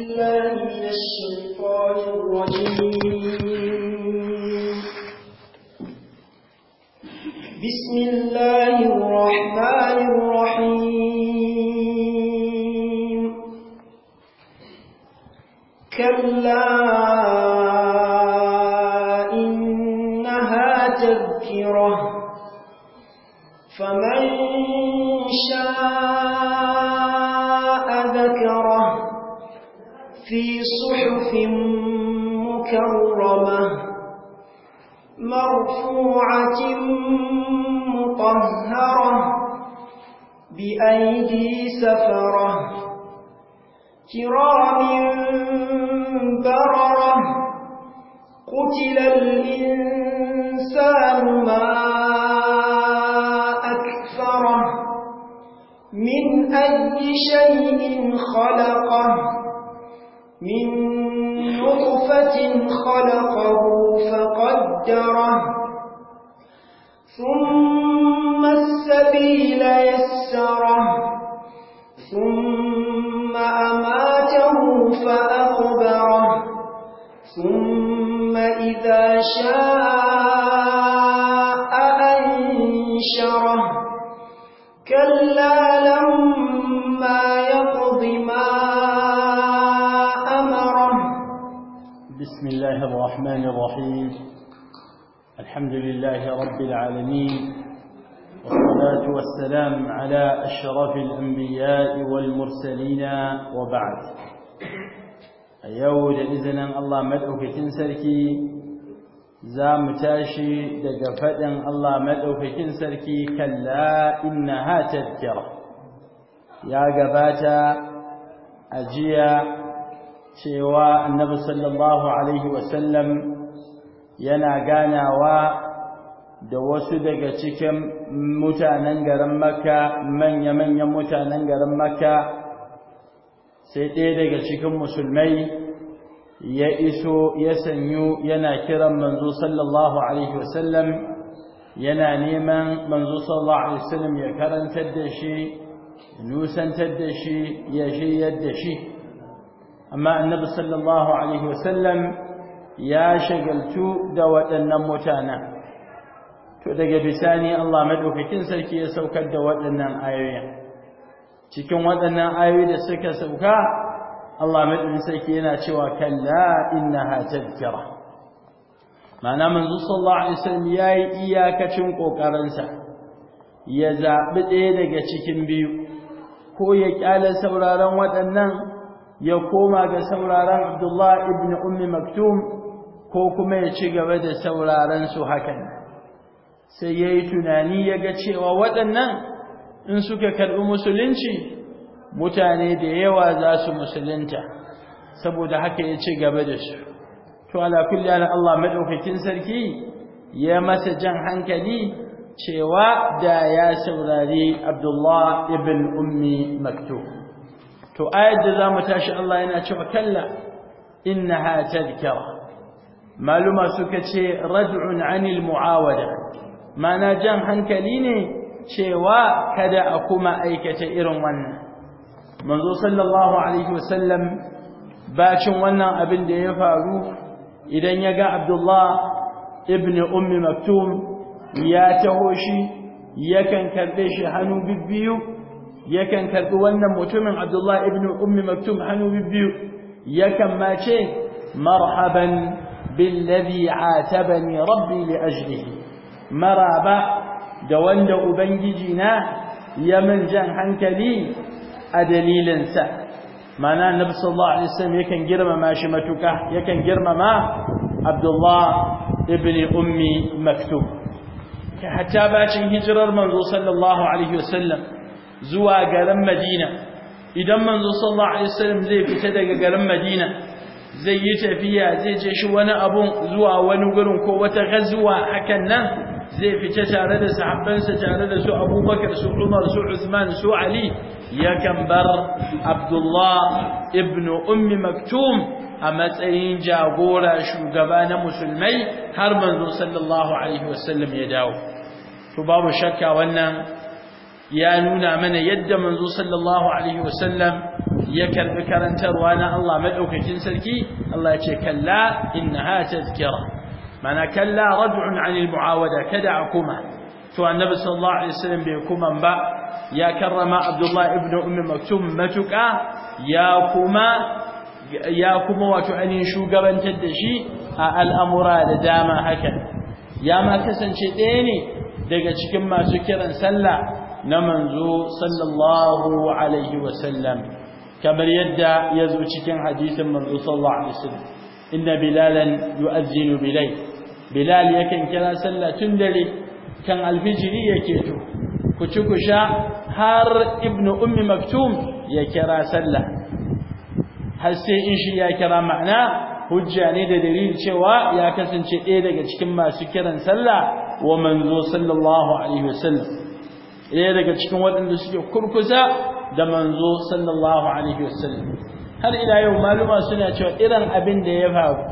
بالله بسم الله الرحمن الرحيم في صحف مكرمة مرفوعة مطهرة بأيدي سفرة كرام بررة قتل الإنسان ما أكثره من أي شيء خلقه من نطفة خلقه فقدره ثم السبيل يسره ثم أماته فأقبره ثم إذا شاء أنشره كلا لما بسم الله الرحمن الرحيم الحمد لله رب العالمين والصلاة والسلام على أشرف الأنبياء والمرسلين وبعد أيود إذن الله مدعوك تنسركي زام تاشي دقفة الله مدعوك تنسركي كلا إنها تذكرة يا قباتا أجيا cewa annabi sallallahu alaihi wasallam yana ganawa da wasu daga cikin mutanen garin makka manya-manyan mutanen garin makka sai ɗaya daga cikin musulmai ya iso ya sanyu yana kiran manzo sallallahu alaihi wasallam yana neman manzo sallallahu alaihi wasallam ya karantar da shi nusantar da shi ya shiryar da shi amma annabi sallallahu alaihi wasallam ya shagaltu da waɗannan mutanen to daga bisani Allah madaukakin sarki ya saukar da waɗannan ayoyin cikin waɗannan ayoyi da suka sauka Allah madaukakin sarki yana cewa kalla innaha tadhkira ma'ana manzo sallallahu alaihi wasallam yayi iyakacin kokarinsa ya zabi ɗaya daga cikin biyu ko ya kyale sauraron waɗannan ya koma ga sauraron Abdullah ibn Ummi Maktum ko kuma ya ci gaba da sauraron su hakan sai yayi tunani yaga cewa waɗannan in suka karɓi musulunci mutane da yawa za su musulunta saboda haka ya ci gaba da su to ala kulli Allah madaukakin sarki ya masa jan hankali cewa da ya saurari Abdullah ibn Ummi Maktum to ayat da zamu tashi Allah yana cewa kalla innaha tadhkara maluma suka ce rad'un 'anil mu'awada mana jan hankali ne cewa kada a kuma aikata irin wannan manzo sallallahu alaihi wasallam bacin wannan abin da ya faru idan ya ga Abdullah ibn ummi maktum ya taho shi yakan karbe shi hannu bibbiyu yakan karɓi wannan mutumin Abdullah ibn Ummi Maktum hannu biyu yakan ma ce marhaban billadhi atabani rabbi li ajlihi maraba da wanda ubangiji na ya min jan hankali a dalilinsa mana annabi sallallahu alaihi wasallam yakan girmama shi matuka yakan girmama Abdullah ibn Ummi Maktum hatta bacin hijirar manzo sallallahu alaihi wasallam zuwa garin Madina idan manzo sallallahu alaihi wasallam zai fita daga garin Madina zai yi tafiya zai je shi wani abun zuwa wani gurin ko wata gazuwa hakan nan zai fita tare da sahabbansa tare da su Abubakar su Umar su Usman su Ali yakan bar Abdullah ibn Ummi Maktum a matsayin jagora shugaba na musulmai har manzo sallallahu alaihi wasallam ya dawo to babu shakka wannan ya nuna mana yadda manzo sallallahu alaihi wasallam ya karbi karantarwa na Allah madaukakin sarki Allah ya ce kalla innaha tadhkira mana kalla rad'un 'anil mu'awada kada akuma to annabi sallallahu alaihi wasallam bai kuma ba ya karrama abdullah ibn Ummi, maktum matuka ya kuma ya kuma wato ainihin shugabantar da shi a al'amura da dama haka ya ma kasance ɗaya ne daga cikin masu kiran sallah na manzo sallallahu alaihi wasallam kamar yadda ya zo cikin hadisin manzo sallallahu alaihi wasallam inna bilalan yu'azzinu bilay bilal yakan kira sallah tun dare kan alfijiri yake to ku ci ku sha har ibnu ummi maktum ya kira sallah har sai in shi ya kira ma'ana hujja ne da dalili cewa ya kasance ɗaya daga cikin masu kiran sallah wa manzo sallallahu alaihi wasallam ɗaya daga cikin waɗanda suke kurkusa da manzo sallallahu alaihi wasallam har ila yau maluma suna cewa irin abin da ya faru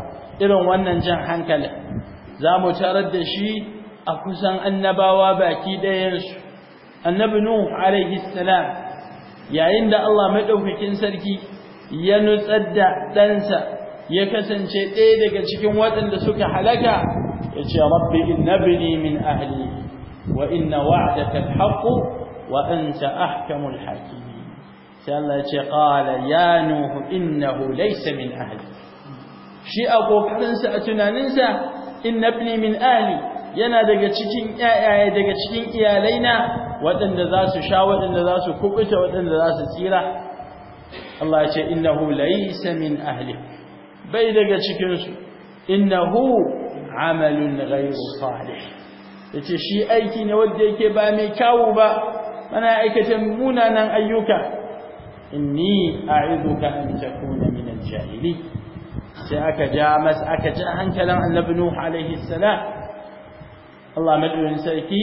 irin wannan jan hankali za mu tarar da shi a kusan annabawa baki ɗayansu annabi nuh alaihi salam yayin da Allah maɗaukakin sarki ya nutsar da ɗansa ya kasance ɗaya daga cikin waɗanda suka halaka ya ce rabbi innabni min ahli wa inna wa'daka al wa anta ahkamul hakim sallallahu alaihi wa ya nuhu innahu laysa min ahli shi abokan sa a tunanin sa innabni min ahli yana daga cikin 'ya'ya daga cikin iyalaina wadanda zasu sha wadanda zasu kubuta wadanda zasu tsira Allah ya ce innahu laysa min ahli bai daga cikinsu. su innahu amalin ghayru salih yace shi aiki ne wanda yake ba mai kyawu ba mana aikata munanan ayyuka inni a'iduka an takuna min al-jahili sai aka ja mas aka ja hankalin annabi nuh alaihi salam Allah madin sarki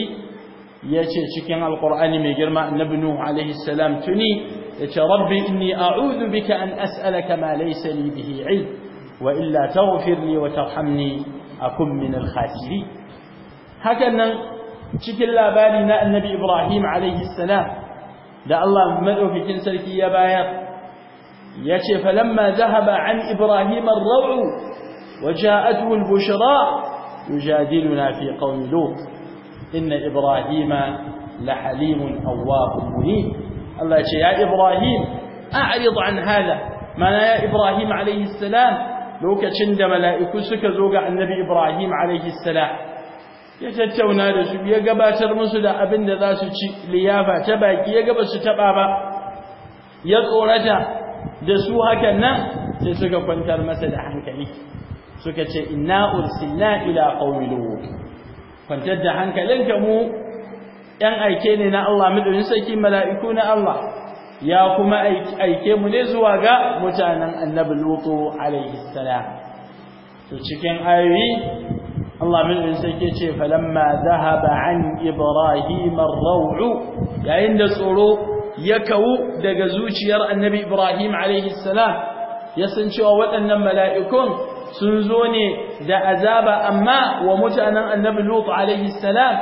yace cikin alqur'ani mai girma annabi nuh alaihi salam tuni yace rabbi inni a'udhu bika an as'alaka ma laysa li bihi 'ilm wa illa taghfir li wa tarhamni akun min al-khasirin hakan nan cikin labari na annabi Ibrahim alaihi salam da Allah madaukakin sarki ya bayar yace falamma zahaba ذهب عن إبراهيم الروع وجاءته البشراء يجادلنا في قوم لوط إن إبراهيم لحليم أواب منيب الله يقول يا إبراهيم أعرض عن هذا ما يا إبراهيم عليه السلام لوك تشند ملائك سك زوج النبي إبراهيم عليه السلام ya tattauna da su ya gabatar musu da abin da za su ci liyafa ta baki ya gaba su taba ba ya tsorata da su hakan nan sai suka kwantar masa da hankali suka ce inna ursilna ila qawmi kwantar da hankalin hankalinka mu yan aike ne na Allah madaukin saki mala'iku na Allah ya kuma aike mu ne zuwa ga mutanen annabi lutu alaihi salam to cikin ayoyi Allah mai sai ke ce falamma zahaba an ibrahim ar yayin da tsoro ya kawu daga zuciyar annabi ibrahim alaihi salam ya san cewa waɗannan mala'ikun sun zo ne da azaba amma wa mutanen annabi lut alaihi salam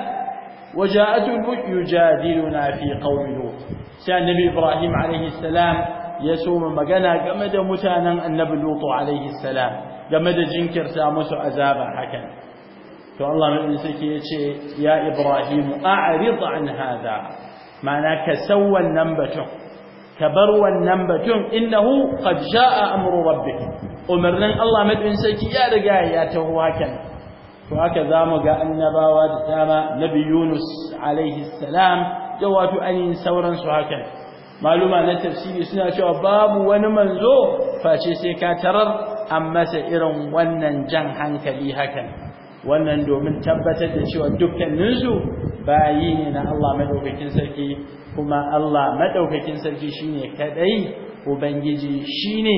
waja'atul yujadiluna fi qaumi lut sai annabi ibrahim alaihi salam ya soma magana game da mutanen annabi lut alaihi salam game da jinkirta musu azaba hakan to Allah mai sarki ya ce ya Ibrahim a'rid an hada ma'ana ka sau wannan batun ka bar wannan batun innahu qad jaa amru rabbik umarnin Allah mai sarki ya riga ya taho hakan to haka zamu ga annabawa da dama nabi Yunus alaihi salam da wato ainihin sauransu hakan maluma na tafsiri suna cewa babu wani manzo face sai ka tarar an masa irin wannan jan hankali hakan wannan domin tabbatar da cewa dukkaninsu bayi ne na Allah madaukakin sarki kuma Allah madaukakin sarki shine kadai ubangiji shine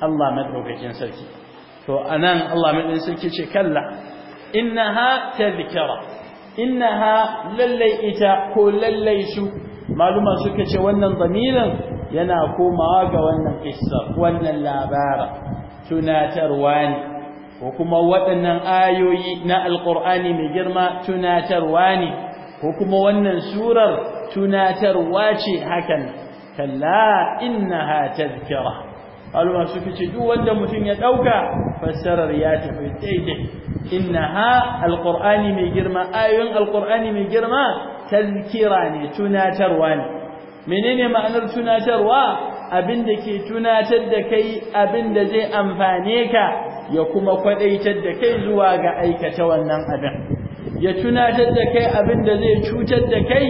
Allah madaukakin sarki to anan Allah madaukakin sarki ce kalla innaha tadhkara innaha lallai ita ko lallai su maluma suka ce wannan zamirin yana komawa ga wannan kissa wannan labara tunatarwa ne ko kuma waɗannan ayoyi na alƙur'ani mai girma tunatarwa ne ko kuma wannan surar tunatarwa ce hakan kalla innaha tazkira. alwa su fice duk wanda mutum ya dauka fassarar ya tafi daidai innaha alqur'ani mai girma ayoyin alqur'ani mai girma tazkira ne tunatarwa ne menene ma'anar tunatarwa da ke tunatar da kai abinda zai amfane ka ya kuma kwadaitar da kai zuwa ga aikata wannan abin ya tunatar da kai abin da zai cutar da kai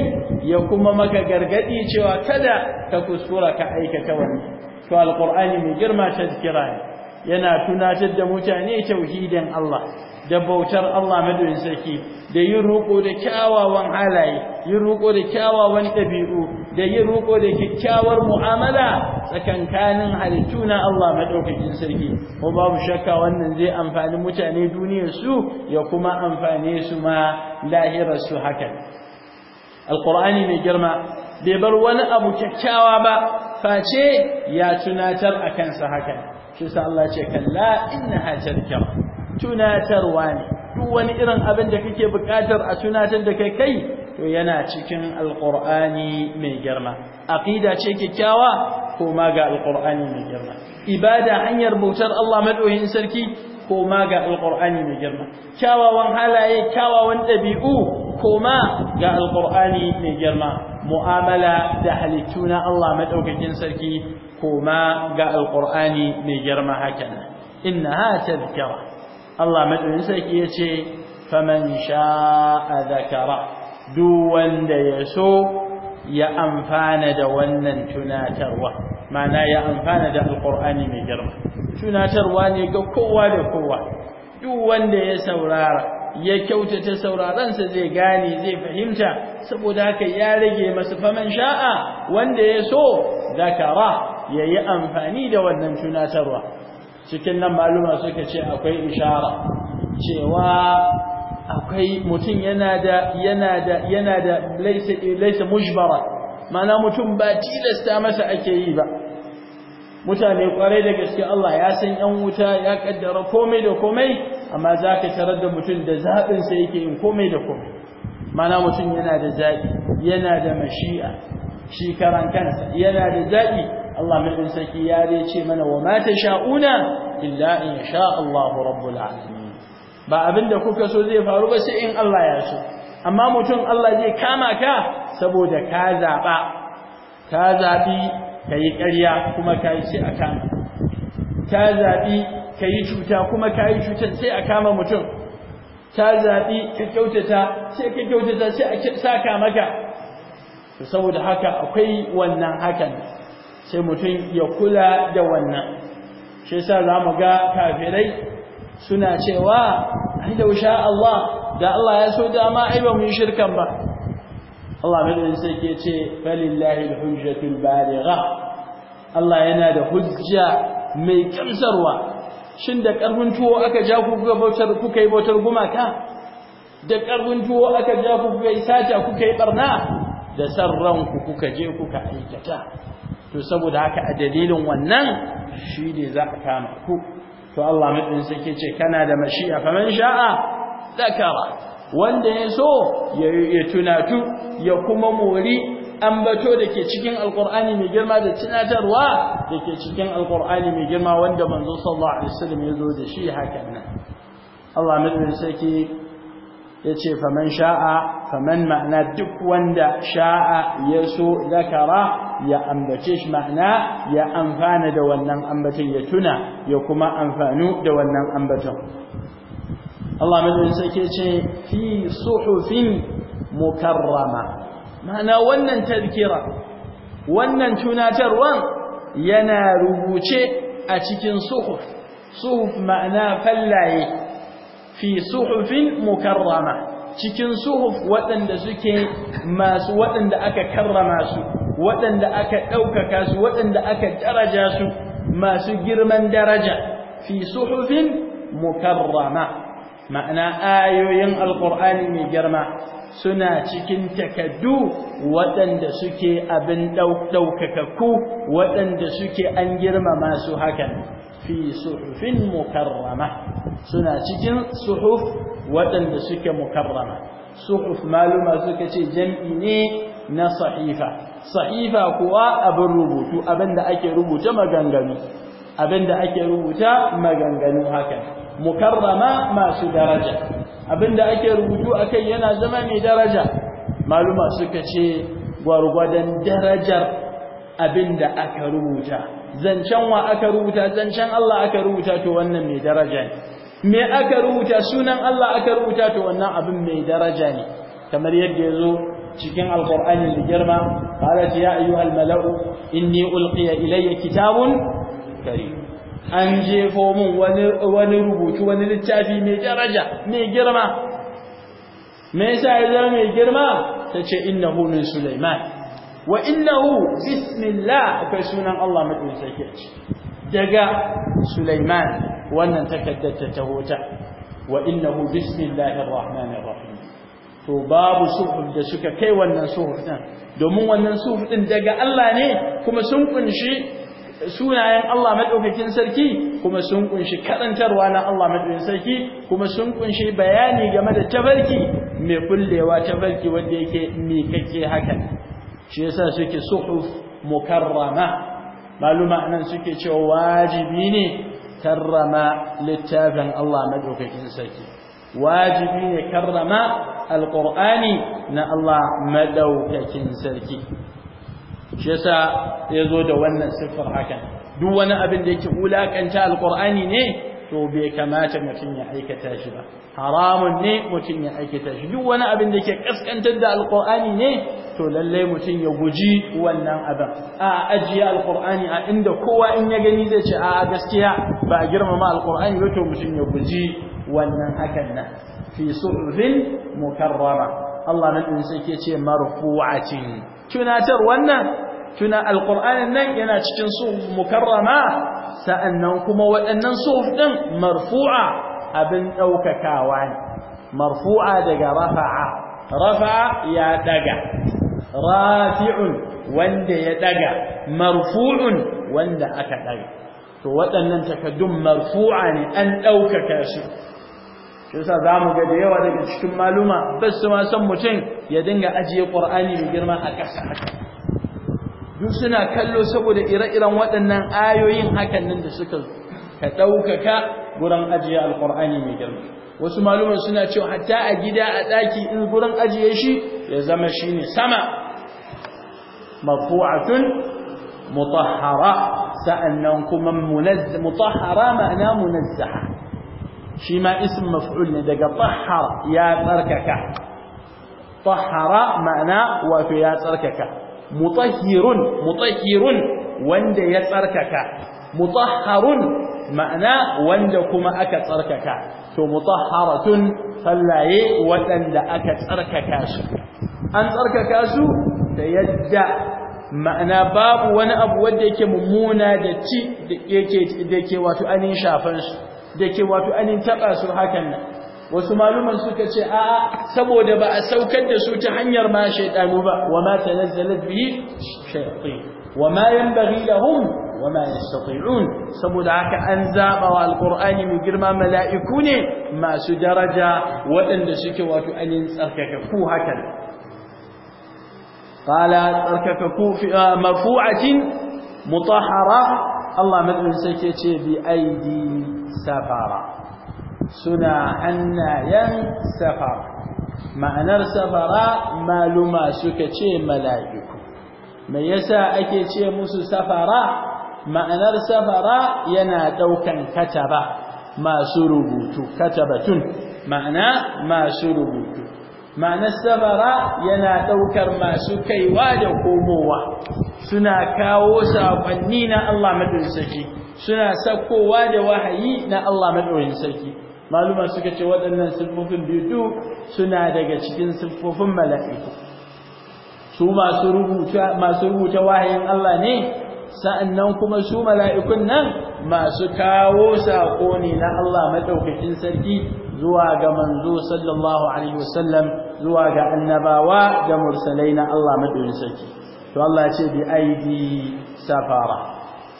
ya kuma maka gargadi cewa kada ka kuskura ka aikata wannan to alqur'ani mai girma tazkira yana tunatar da mutane tauhidin Allah da bautar Allah madawin sarki da yin roƙo da kyawawan halaye yin roƙo da kyawawan ɗabi'u da yin roƙo da kyakkyawar mu'amala tsakankanin halittu na Allah madaukakin sarki ko babu shakka wannan zai amfani mutane duniyar su ya kuma amfane su ma lahirar su haka alqur'ani mai girma bai bar wani abu kyakkyawa ba face ya tunatar akan sa haka shi sa Allah ce kalla innaha tadhkira tunatarwa ne duk wani irin abin da kake buƙatar a tunatar da kai kai to yana cikin alqur'ani mai girma aqida ce kikkiawa koma ga alqur'ani mai girma ibada hanyar bautar Allah madaukakin sarki koma ga alqur'ani mai girma kyawawan halaye kyawawan ɗabi'u koma ga alqur'ani mai girma mu'amala da halittu na Allah madaukakin sarki koma ga alqur'ani mai girma hakan innaha tadhkira Allah madaukakin sarki yace faman sha'a zakara duk wanda ya so ya amfana da wannan tunatarwa mana ya amfana da alqur'ani mai girma tunatarwa ne ga kowa da kowa duk wanda ya saurara ya kyautata sauraransa zai gane zai fahimta saboda haka ya rage masa faman sha'a wanda ya so zakara yayi amfani da wannan tunatarwa cikin nan maluma suka ce akwai ishara cewa akwai mutum yana da yana da yana da laysa laysa mujbara mana mutum ba tilasta masa ake yi ba mutane kwarai da gaske Allah ya san yan wuta ya kaddara komai da komai amma zaka tarar da mutum da zabin sa yake yin komai da komai mana mutum yana da zabi yana da mashi'a shi karan kansa yana da zabi Allah mai sarki ya dai ce mana wa ma tasha'una illa in sha Allah rabbul alamin ba abinda kuka so zai faru ba sai in Allah ya so amma mutum Allah zai kama ka saboda ka zaba ka zabi kai ƙarya kuma kai sai a kama ka zabi kai cuta kuma kai cuta sai a kama mutum ta zaɓi ka kyautata sai ka kyautata sai a saka maka to saboda haka akwai wannan hakan sai mutum ya kula da wannan shi yasa zamu ga kafirai suna cewa ai da sha Allah da Allah ya so dama ai ba mu yi shirkan ba Allah mai sai ke ce falillahi alhujjatul baligha Allah yana da hujja mai kamsarwa shin da karfin tuwo aka ja ku kuka bautar kuka yi bautar gumaka da karfin tuwo aka ja ku kuka yi sata kuka yi barna da san ranku kuka je kuka aikata to saboda haka a dalilin wannan shi ne za a kama ku to Allah mutum sai ke ce kana da mashi'a faman sha'a zakara wanda ya so ya tunatu ya kuma mori ambato da ke cikin alkur'ani mai girma da tunatarwa da ke cikin alkur'ani mai girma wanda manzo sallallahu alaihi wasallam ya zo da shi hakan nan Allah mutum sai ke Ya ce faman sha'a faman ma'ana duk wanda sha'a ya so zakara ya ambace shi ma'ana ya amfana da wannan ambaton ya tuna ya kuma amfanu da wannan ambaton Allah madaukakin sarki ce fi suhufin mukarrama ma'ana wannan tadhkira wannan tunatarwan yana rubuce a cikin suhuf suhuf ma'ana fallaye fi suhufin mukarrama cikin suhuf waɗanda suke masu waɗanda aka karrama su waɗanda aka ɗaukaka su waɗanda aka daraja su masu girman daraja fi suhufin mukarrama ma'ana ayoyin alƙur'ani mai girma suna cikin takaddu waɗanda suke abin ɗaukaka ku waɗanda suke an girmama su hakan fi suhufin mukarrama suna cikin suhuf waɗanda suke mukarrama suhuf maluma suka ce jam'i ne na sahifa sahifa kuwa abin rubutu abin da ake rubuta maganganu abin da ake rubuta maganganu haka mukarrama masu daraja abin da ake rubutu akan yana zama mai daraja maluma suka ce gwargwadon darajar abin da aka rubuta zancen wa aka rubuta zancen Allah aka rubuta to wannan mai daraja ne me aka rubuta sunan Allah aka rubuta to wannan abin mai daraja ne kamar yadda yazo cikin alqur'ani da girma qala ya ayyuhal mala'u inni ulqiya ilayya kitabun karim an jefo mun wani wani rubutu wani littafi mai daraja mai girma me yasa ya zama mai girma tace innahu min sulaiman wa innahu bismillah akwai sunan Allah madin sarki a ciki daga Sulaiman wannan takaddar ta hota. wa innahu bismillahir rahmanir rahim to babu suhuf da suka kai wannan suhuf din domin wannan suhuf din daga Allah ne kuma sun kunshi sunayen Allah madaukakin sarki kuma sun kunshi karantarwa na Allah madaukakin sarki kuma sun kunshi bayani game da tabarki mai kullewa tabarki wanda yake mikake haka shi yasa suke suhuf mukarrama maluma anan suke cewa wajibi ne karrama littafin Allah madaukakin sarki wajibi ne karrama alqur'ani na Allah madaukakin sarki shi yasa yazo da wannan siffar hakan duk wani abin da yake wulakanta alqur'ani ne to bai kamata mutum ya aikata shi ba haramun ne mutum ya aikata shi duk wani abin da ke kaskantar da alqur'ani ne to lalle mutum ya guji wannan abin a ajiye alqur'ani a inda kowa in ya gani zai ce a gaskiya ba a girmama alqur'ani ba to mutum ya guji wannan hakan nan fi suhufin mukarrama Allah na din sai ke ce marfu'atin tunatar wannan tuna alqur'anin nan yana cikin su mukarrama sa'annan kuma waɗannan suhuf marfu'a abin ɗaukakawa ne marfu'a daga rafa'a rafa'a ya ɗaga, rafi'un wanda ya ɗaga, marfu'un wanda aka ɗaga. to waɗannan takaddun marfu'a ne an ɗaukaka shi yasa zamu ga da yawa daga cikin maluma basu ma mutum ya dinga ajiye ƙur'ani mai girma a ƙasa duk suna kallo saboda ire-iren waɗannan ayoyin hakan nan da suka ka ɗaukaka gurin ajiye alƙur'ani mai girma wasu maluman suna cewa hatta a gida a ɗaki in gurin ajiye shi ya zama shi ne sama marfu'atun mutahhara sa'annan kuma mutahhara ma'ana munazzaha shi ma isin maf'ul ne daga tahhara ya tsarkaka tahhara ma'ana wato ya tsarkaka mutahhirun mutahhirun wanda ya tsarkaka mutahharun ma'ana wanda kuma aka tsarkaka to mutahharatun sallaye waɗanda aka tsarkaka su an tsarkaka su da yadda ma'ana babu wani abu wanda yake mummuna da ci da yake da yake wato anin shafan su da yake wato anin taba su hakan nan wasu maluman suka ce a'a saboda ba a saukar da su ta hanyar ma shaytanu ba wa tanazzalat bihi shayatin wa yanbaghi lahum wa yastati'un saboda haka an zaba wa alqur'ani mai girma mala'iku ne masu daraja waɗanda suke wato alin tsarkaka ku haka qala tsarkaka ku fi ah, marfu'atin mutahhara Allah madaukakin sai ke ce bi aidi safara suna hannayen safara ma'anar safara maluma suka ce mala'iku me yasa ake ce musu safara ma'anar safara yana daukan kataba masu rubutu katabatun ma'ana masu rubutu ma'anar safara yana daukar masu kaiwa da komowa suna kawo sakonni na Allah madaukakin suna sakkowa da wahayi na Allah madaukakin sarki maluma suka ce waɗannan siffofin biyu duk suna daga cikin siffofin mala'iku su masu rubuta masu rubuta wahayin Allah ne sa'annan kuma su mala'ikun nan masu kawo sako ne na Allah madaukakin sarki zuwa ga manzo sallallahu alaihi wasallam zuwa ga annabawa da mursalai na Allah madaukakin sarki to Allah ya ce bi aidi safara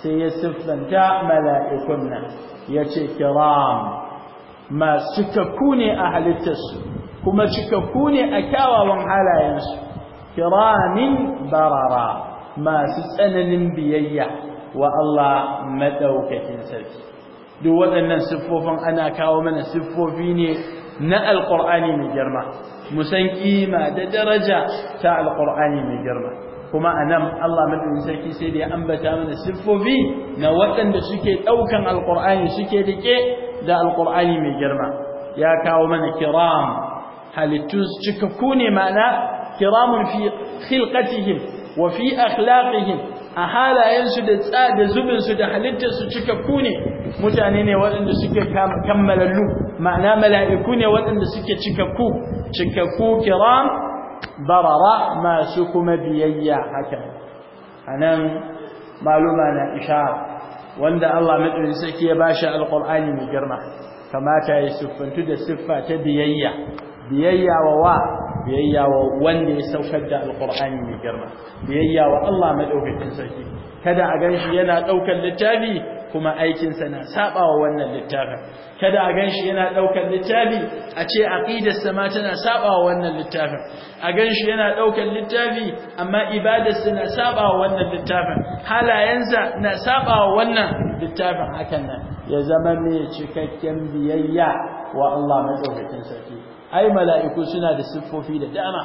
sai ya siffanta mala'ikun nan ya ce kiram masu cikakku ne a halittarsu kuma cikakku ne a kyawawan halayensu kiramin barara masu tsananin biyayya wa Allah maɗaukakin sarki duk waɗannan siffofin ana kawo mana siffofi ne na Alƙur'ani mai girma musan kima da daraja ta Alƙur'ani mai girma kuma anan Allah madaukakin sarki sai da ya ambata mana siffofi na waɗanda suke ɗaukan alqur'ani suke rike da alqur'ani mai girma ya kawo mana kiram halittu cikakku ne ma'ana kiramun fi khilqatihim wa fi akhlaqihim a halayensu da tsada zubinsu da halittarsu cikakku ne mutane ne waɗanda suke kammalallu ma'ana mala'iku ne waɗanda suke cikakku cikakku kiram barara masu kuma biyayya haka anan maluma na isha'a. wanda Allah madaukakin sarki ya bashi alqur'ani mai girma kamata ya siffantu da siffa ta biyayya biyayya wa wa biyayya wa wanda ya saukar da alqur'ani mai girma biyayya wa Allah madaukakin sarki kada a shi yana daukar littafi kuma aikinsa na sabawa wannan littafin kada a ganshi yana ɗaukar littafi a ce aƙidarsa ma tana sabawa wannan littafin a ganshi yana ɗaukar littafi amma ibadarsa na sabawa wannan littafin halayensa na saɓawa wannan littafin hakan nan ya zama mai cikakken biyayya wa Allah madaukakin sarki ai mala'iku suna da siffofi da dama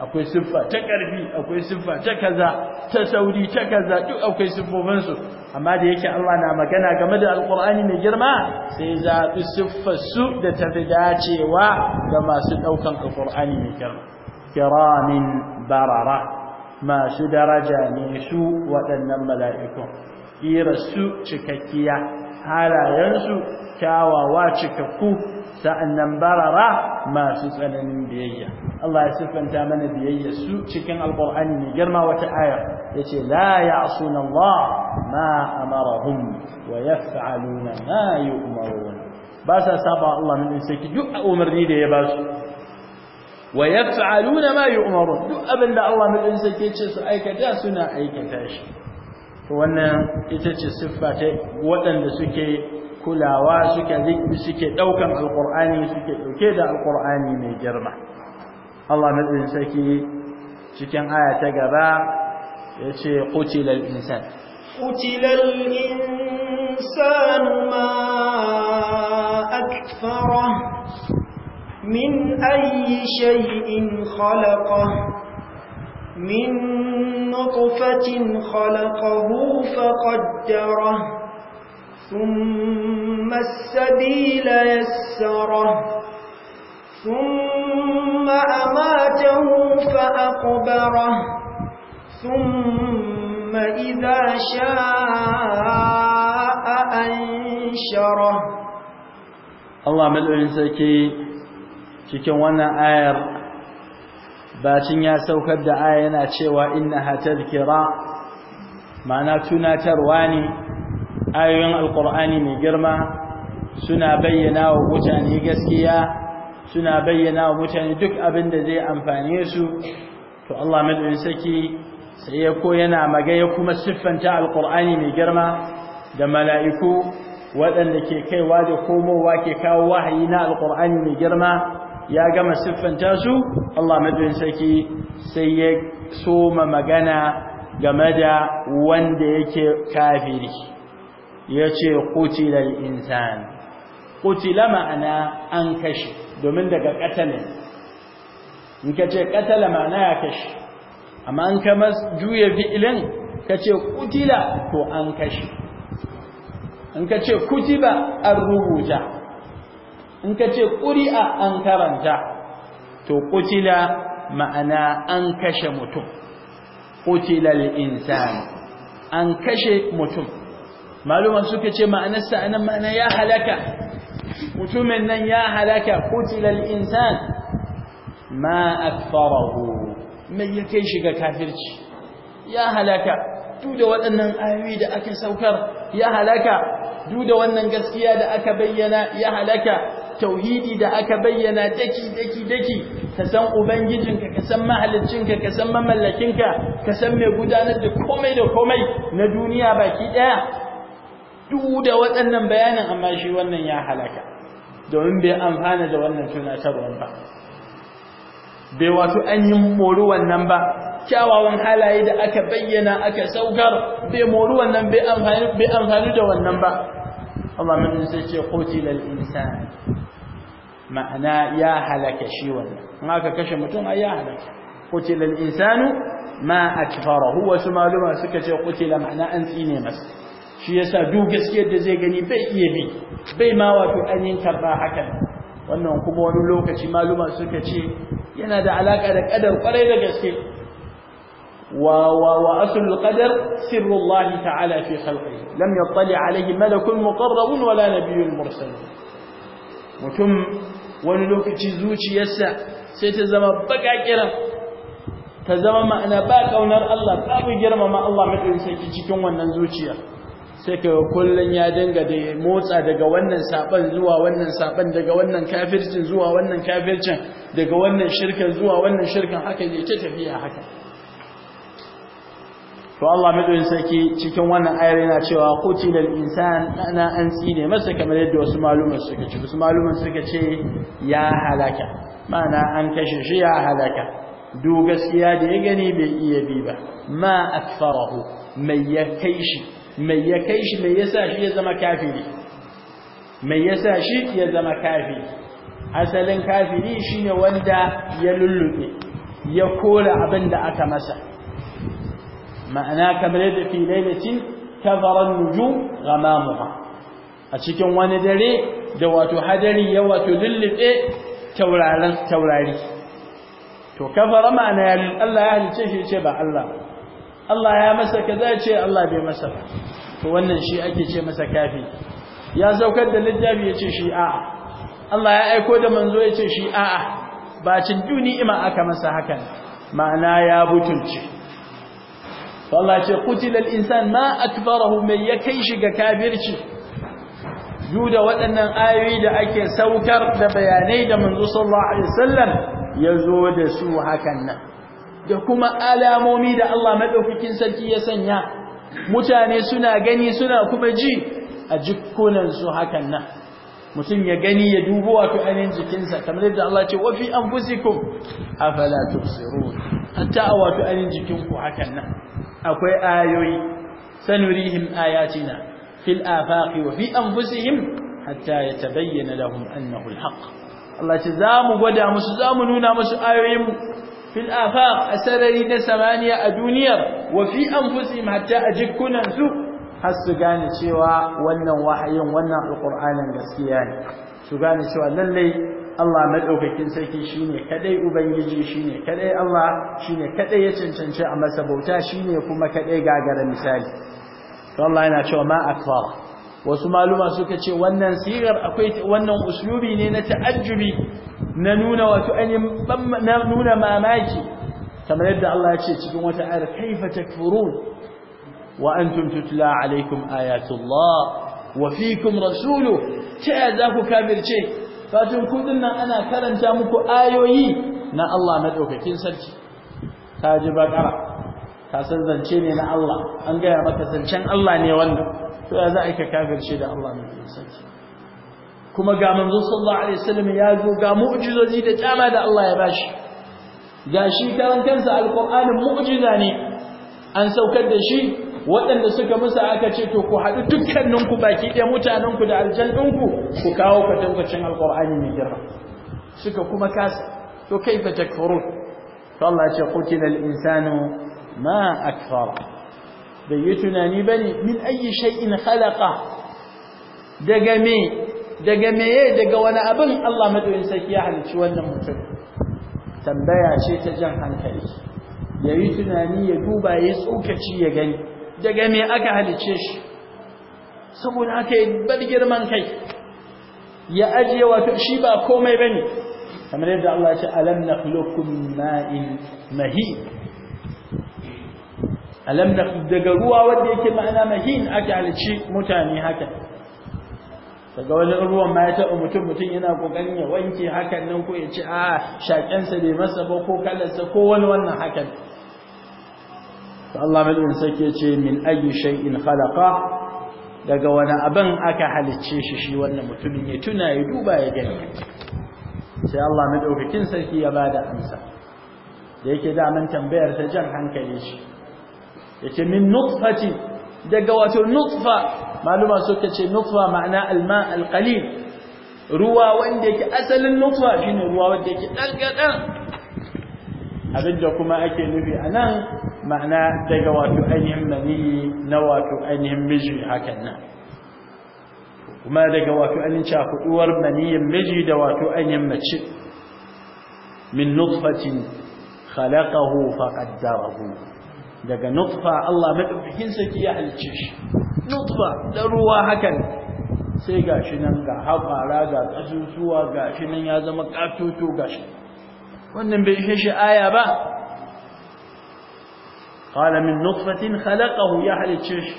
akwai siffa ta ƙarfi akwai siffa ta kaza ta sauri ta kaza duk akwai siffofinsu amma da yake Allah na magana game da alkur'ani mai girma sai siffar su da tafi dacewa ga masu ɗaukan alkur'ani mai girma kiramin barara masu daraja ne su waɗannan mala'ikun ƙirarsu cikakkiya halayensu kyawawa cikakku sa'annan barara masu tsananin biyayya Allah ya siffanta mana biyayya su cikin alqur'ani mai girma wata aya yace la ya'suna Allah ma amarahum wa yaf'aluna ma yu'marun ba sa saba Allah min saki duk umarni da ya ba su wa yaf'aluna ma yu'marun duk abinda Allah min saki ce su aikata suna aikata shi wannan ita ce siffa ta waɗanda suke kulawa suke suke daukan alqur'ani suke ɗauke da alqur'ani mai girma Allah madadin saki cikin aya ta gaba yace qutila ƙutilal insan ƙutilal insan ma akthara min ayi shay'in khalaqa min nutfatin khalaqahu faqaddara ثم السبيل يسره ثم أماته فأقبره ثم إذا شاء أنشره Allah mal'ulin sarki cikin wannan ayar bacin ya saukar da aya yana cewa hatar kira," ma'ana tunatarwa ne ayoyin alkur'ani mai girma suna bayyana wa mutane gaskiya suna bayyana wa mutane duk abin da zai amfane su to Allah madaukakin saki sai ya koyana maga kuma siffanta alkur'ani mai girma da mala'iku waɗanda ke kaiwa da komowa ke kawo wahayi na alkur'ani mai girma ya gama siffanta su Allah madaukakin saki sai ya soma magana game da wanda yake kafiri yace ce al-insan kutila ma'ana an kashi domin daga qatala in ka ce qatala ma'ana ya kashi amma an kama juya fi'ilin ce kutila, to an kashi in ka ce kutiba an rubuta in ka ce quri'a an karanta to kutila ma'ana an kashe mutum qutila insani. insan an kashe mutum maluman suka ce ma'anarsa nan ma'ana ya halaka mutumin nan ya halaka kutilal insan ma akfarahu mai ya kai shiga kafirci ya halaka duk da waɗannan ayoyi da aka saukar ya halaka duk da wannan gaskiya da aka bayyana ya halaka tauhidi da aka bayyana daki daki daki ka san ubangijinka ka san mahaliccinka ka san mamallakinka ka san mai gudanar da komai da komai na duniya baki daya duk da waɗannan bayanin amma shi wannan ya halaka domin bai amfana da wannan tunatarwar ba bai wato an yi mori wannan ba kyawawan halaye da aka bayyana aka saukar bai mori wannan bai amfani da wannan ba Amma mun sai ce qutila al-insan ma'ana ya halaka shi wannan in aka kashe mutum ai ya halaka qutila al-insanu ma akfarahu Wasu sumaluma suka ce qutila ma'ana an tsine masa shi yasa duk gaskiyar da zai gani bai iya bi bai ma wato ainihin karba hakan wannan kuma wani lokaci maluma suka ce yana da alaka da kadar kwarai da gaske wa wa wa aslul qadar sirrullahi ta'ala fi khalqihi lam yattali alayhi malakun muqarrabun wala nabiyyun mursal mutum wani lokaci zuciyarsa sai ta zama baka kiran ta zama ma'ana ba kaunar Allah babu girmama Allah madaukakin cikin wannan zuciya sai kaga kullun ya dinga da motsa daga wannan saban zuwa wannan saban daga wannan kafircin zuwa wannan kafircin daga wannan shirkan zuwa wannan shirkan haka ne ce tafiya haka to Allah madaukin sarki cikin wannan ayar yana cewa qutilal insan ana an tsine masa kamar yadda wasu maluman suka ce wasu maluman suka ce ya halaka ma'ana an kashe shi ya halaka du gaskiya da ya gani bai iya bi ba ma akfarahu mai ya kai shi mai ya kai shi mai yasa shi ya zama kafiri mai shi ya zama kafiri asalin kafiri shine wanda ya lullube ya kora abin da aka masa ma'ana kamar yadda fi kafaran nuju ghamamuha a cikin wani dare da wato hadari ya wato lullube taurari to kafara ma'ana Allah ya halice shi ce ba Allah ba Allah ya masa kaza ce Allah bai masa ba to wannan shi ake ce masa kafi ya saukar da littafi yace shi a'a Allah ya aiko da manzo yace shi a'a ba cin duni ima aka masa hakan ma'ana ya butulce Allah ce qutilal insan ma akbarahu mai ya kai shi ga kafirci da waɗannan ayoyi da ake saukar da bayanai da manzo sallallahu alaihi wasallam yazo da su hakan nan da kuma alamomi da Allah madaukakin sarki ya sanya mutane suna gani suna kuma ji a jikunan su hakan nan mutum ya gani ya dubo wato ainihin jikinsa kamar yadda Allah ce wa fi anfusikum afala tubsirun hatta wato ainihin jikinku hakan nan akwai ayoyi sanurihim ayatina fil afaqi wa fi anfusihim hatta yatabayyana lahum annahu alhaq Allah ce za mu gwada musu za mu nuna musu ayoyinmu. fil afaq a sarari na samaniya a duniyar wa fi anfusihim a jikunan har su gane cewa wannan wahayin wannan alqur'anin gaskiya ne su gane cewa lallai Allah madaukakin sarki shine kaɗai ubangiji shine kadai Allah shine kaɗai ya cancanci a masa bauta shine kuma kaɗai gagara misali to Allah yana cewa ma akbar wasu maluma suka ce wannan sigar akwai wannan uslubi ne na ta'ajjubi na nuna wato ainihin nuna mamaki kamar yadda Allah ya ce cikin wata ayar kaifa takfurun wa antum tutla alaikum ayatullah wa fikum rasulu ta za ku kafirce fatin kudin nan ana karanta muku ayoyi na Allah madaukakin sarki ta ji bakara ka san zance ne na Allah an gaya maka zancen Allah ne wannan to ya za a yi ka kafirce da Allah mai saki. kuma ga manzo sallallahu alaihi wasallam ya zo ga mu'jizozi da kyama da Allah ya bashi ga shi karan kansa alqur'anin mu'jiza ne an saukar da shi waɗanda suka musa aka ce to ku haɗu dukkaninku baki ɗaya ku da aljanninku ku kawo kwatankwacin alqur'ani mai girma suka kuma kasa to kaifa takfurun to Allah ya ce qutila al-insanu ma akfara bai yi tunani ba ne, min ayi in khalaqa daga me daga meye daga wani abin Allah madaukakin sarki ya halicci wannan mutum tambaya ce ta jan hankali yayi tunani ya duba ya tsokaci ya gani daga me aka halicce shi saboda aka yi bar girman kai ya ajiye wato shi ba komai bane kamar yadda Allah ya ce alam nakhluqukum ma'in mahi. alam daga ruwa wanda yake ma'ana mahin ake halici mutane haka daga wani ruwan ma ya taɓa mutum mutum yana kokarin ya wanke hakan nan ko ya ce a shaƙensa bai masa ba ko kalarsa ko wani wannan hakan To Allah madin sake ce min ayyi shay'in khalaqa daga wani abin aka halicce shi shi wannan mutumin ya tuna ya duba ya gani sai Allah ɗaukakin sarki ya bada amsa da yake da tambayar ta jan hankali shi yace min nutfati daga wato nutfa maluma suka ce nutfa ma'ana alma alqalil ruwa wanda yake asalin nutfa shine ruwa wanda yake dan gadan abinda kuma ake nufi anan ma'ana daga wato ainihin maniyi na wato ainihin miji hakan nan kuma daga wato ainihin cakuduwar maniyin miji da wato ainihin mace min nutfatin khalaqahu faqaddarahu daga nutfa Allah madaukakin sarki ya halice shi nutfa da ruwa hakan sai gashi nan ga hafara ga kasusuwa gashi nan ya zama katoto gashi wannan bai kai shi aya ba qala min nutfatin khalaqahu ya halice shi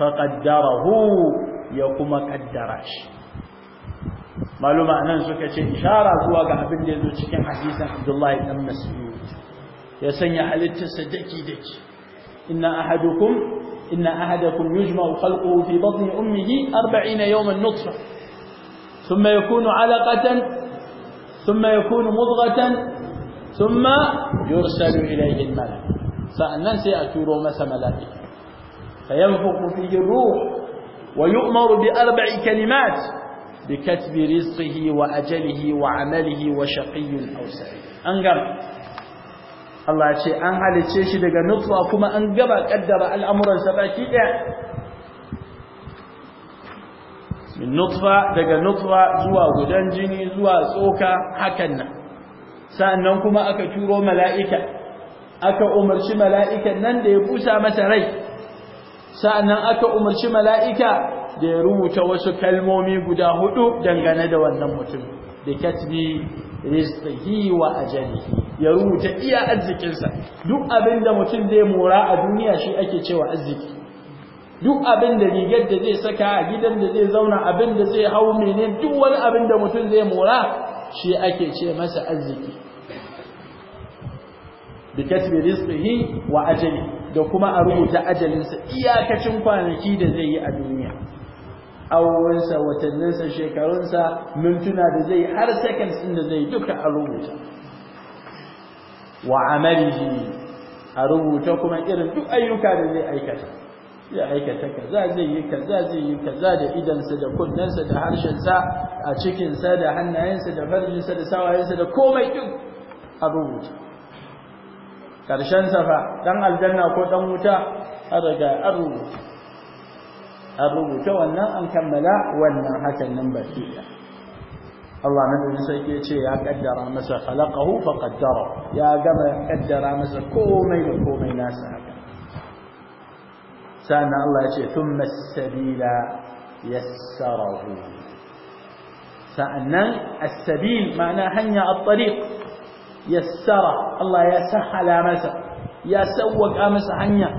faqaddarahu ya kuma kaddara shi maluma nan suka ce ishara zuwa ga abin da yazo cikin hadisin abdullahi ibn Mas'ud ya sanya halittarsa daki daki inna ahadukum inna ahadakum yujma'u khalquhu fi batni ummihi 40 yawman nutfa thumma yakunu 'alaqatan thumma yakunu mudghatan thumma yursalu ilayhi al-malak sa'annan sai a turo masa mala'ika fayanfuqu fihi ruh ويؤمر بأربع كلمات بكتب رزقه وأجله وعمله وشقي أو سعيد أنقر Allah ce an halice shi daga nutfa kuma an gaba kaddara al'amuran sa baki daya min nutfa daga nutfa zuwa gudan jini zuwa tsoka hakan nan sannan kuma aka turo mala'ika aka umarci mala'ikan nan da ya busa masa rai sannan aka umarci mala'ika da ya rubuta wasu kalmomi guda hudu dangane da wannan mutum بكتب wa ajali ya rubuta iya arzikinsa duk abin da mutum zai mora a duniya shi ake cewa arziki duk abin da rigar da zai saka a gidan da zai zauna abin da zai hau mene duk wani abin da mutum zai mora shi ake ce masa arziki bi katbi rizqihi wa ajali da kuma a rubuta ajalinsa iyakacin kwanaki da zai yi a duniya awowansa watanninsa shekarunsa mintuna da zai har seconds ɗin da zai duka a rubuta wa amalihi a rubuta kuma irin duk ayyuka da zai aikata ya aikata kaza zai yi kaza zai yi kaza da idansa da kunnensa da harshensa a cikinsa da hannayensa da farjinsa da sawayensa da komai duk a rubuta sa safa ɗan aljanna ko ɗan wuta a daga an rubuta an rubuta wannan an kammala wannan hakan nan ba shi ɗaya Allah nan madaukin sai ke ce ya kaddara masa khalaqahu fa qaddara ya gama kaddara masa komai da komai nasa haka sannan Allah ya ce thumma as-sabila yassarahu sannan as-sabil ma'ana hanya at-tariq yassara Allah ya sahala masa ya sawwaka masa hanya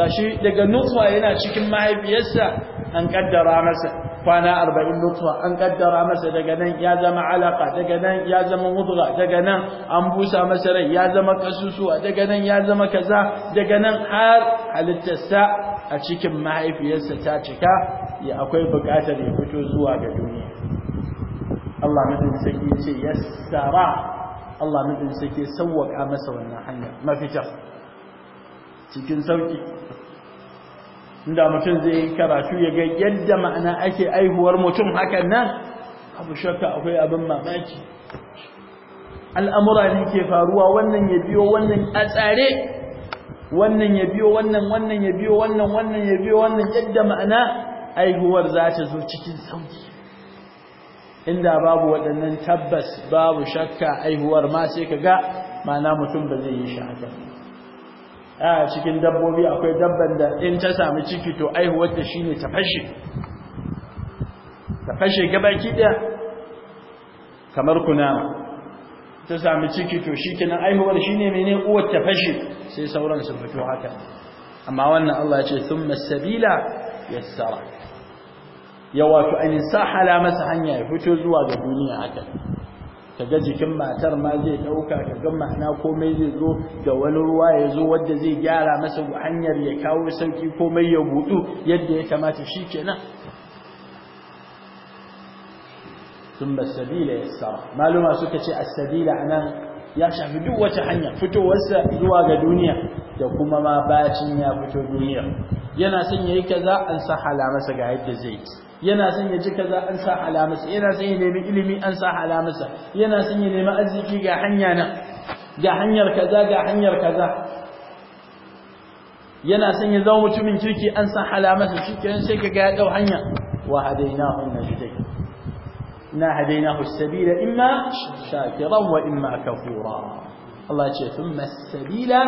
gashi daga nutsuwa yana cikin mahaifiyarsa an kaddara masa kwana 40 nutsuwa an kaddara masa daga nan ya zama alaka daga nan ya zama mudra daga nan an busa masa rai ya zama kasusuwa daga nan ya zama kaza daga nan har halittarsa a cikin mahaifiyarsa ta cika ya akwai bukatar ya fito zuwa ga duniya Allah mutum sai ya ce yassara Allah mutum sai ke sawwaka masa wannan hanya mafitar. cikin sauki inda mutum zai yi karatu ya ga yadda ma'ana ake aihuwar mutum hakan nan abu shakka akwai abin mamaki al'amura ne ke faruwa wannan ya biyo wannan a tsare wannan ya biyo wannan wannan ya biyo wannan wannan ya biyo wannan yadda ma'ana aihuwar za ta zo cikin sauki inda babu waɗannan tabbas babu shakka aihuwar ma sai ka ga ma'ana mutum ba zai yi shi haka a cikin dabbobi akwai dabban da in ta sami ciki to aihuwar ta shine ta fashe ta fashe gabaki daya kamar kunama ta sami ciki to shikenan aihuwar shine mene uwar ta fashe sai sauran su fito haka amma wannan Allah ya ce thumma sabila yassara ya wato an sahala masa hanya ya fito zuwa ga duniya haka kaga jikin matar ma zai dauka kaga ma'ana komai zai zo da wani ruwa ya zo wanda zai gyara masa hanyar ya kawo sauki komai ya budu yadda ya kamata shi shikenan thumma sabila yassara maluma suka ce as-sabila anan ya shafi duk wata hanya fitowarsa zuwa ga duniya da kuma ma bacin ya fito duniya yana son yayi kaza an sahala masa ga yadda zai yi yana son ya ji kaza an sa alamarsa yana son ya nemi ilimi an sa alamarsa yana son ya nemi arziki ga hanya nan ga hanyar kaza ga hanyar kaza yana son ya zama mutumin kirki an sa alamarsa shikenan sai kaga ya dau hanya wa hadainahu najdai na hadainahu as-sabila imma shakiran wa imma kafura Allah ya ce thumma masabila sabila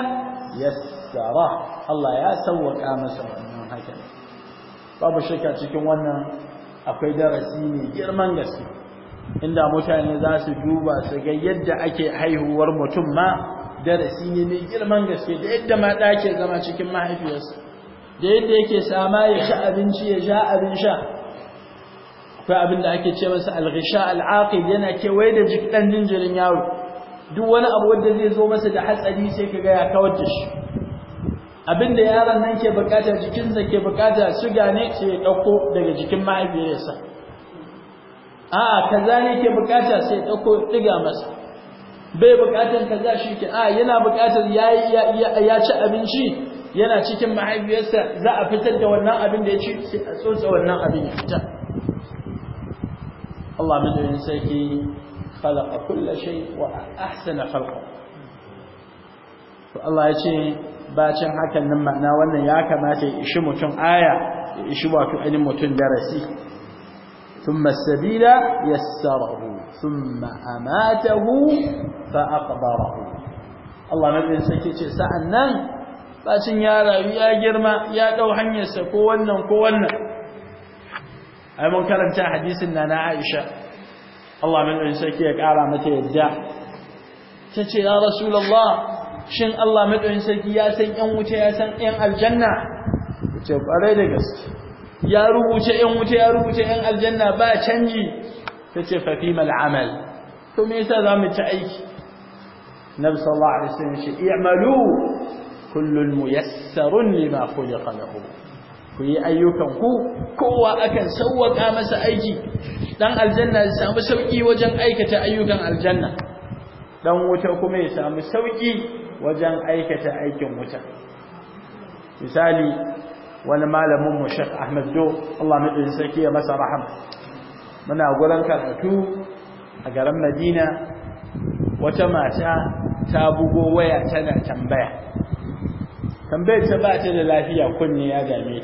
yassara Allah ya sawwaka masa wannan hakan babu shakka cikin wannan akwai darasi ne girman gaske inda mutane za su duba su ga yadda ake haihuwar mutum ma darasi ne mai girman gaske da yadda ma ke zama cikin mahaifiyarsa da yadda yake sama ya sha abinci ya sha abin sha akwai abin da ake ce masa alghisha al'aqid yana kewaye da jik ɗan jinjirin yaro duk wani abu wanda zai zo masa da hatsari sai ka ga ya kawar da shi abinda yaron nan ke bukata jikinsa ke bukata suga ne sai ya dauko daga jikin mahaifiyarsa a kaza ne ke bukata sai ya dauko diga masa bai bukatan kaza shi ke a yana bukatar yayi ya ci abinci yana cikin mahaifiyarsa za a fitar da wannan abin da ya ci sai a tsotsa wannan abin ya fita Allah madaukakin sarki khalaqa kullu shay wa ahsana khalqa to Allah ya ce bacin hakan nan ma'ana wannan ya kamata ya ishi mutum aya ya ishi wato ainihin mutum darasi ثم السبيل يسره ثم أماته فأقبره Allah madin sake ce sa'annan bacin ya rayu ya girma ya ɗau hanyarsa, sa ko wannan ko wannan ai mun karanta hadisin na na Aisha Allah madin sake ya kara mata yadda tace ya Rasulullah shin Allah maɗaukin sarki ya san ‘yan wuta ya san ‘yan aljanna ce ƙwarai da gaske ya rubuce ‘yan wuta ya rubuce ‘yan aljanna ba canji ta ce fafi Amal. to me yasa za mu ci aiki nabi sallallahu alaihi wasallam shi i'malu kullun muyassarun lima khuliqa lahu ku yi ayyukan ku kowa akan sauwaka masa aiki dan aljanna ya samu sauki wajen aikata ayyukan aljanna dan wuta kuma ya samu sauki wajen aikata aikin wuta misali wani malamin mu Sheikh Ahmad Do Allah madin sarki ya masa rahama muna gudan karatu a garin Madina wata mata ta bugo waya tana tambaya tambayar ta ba ta da lafiya kunne ya dame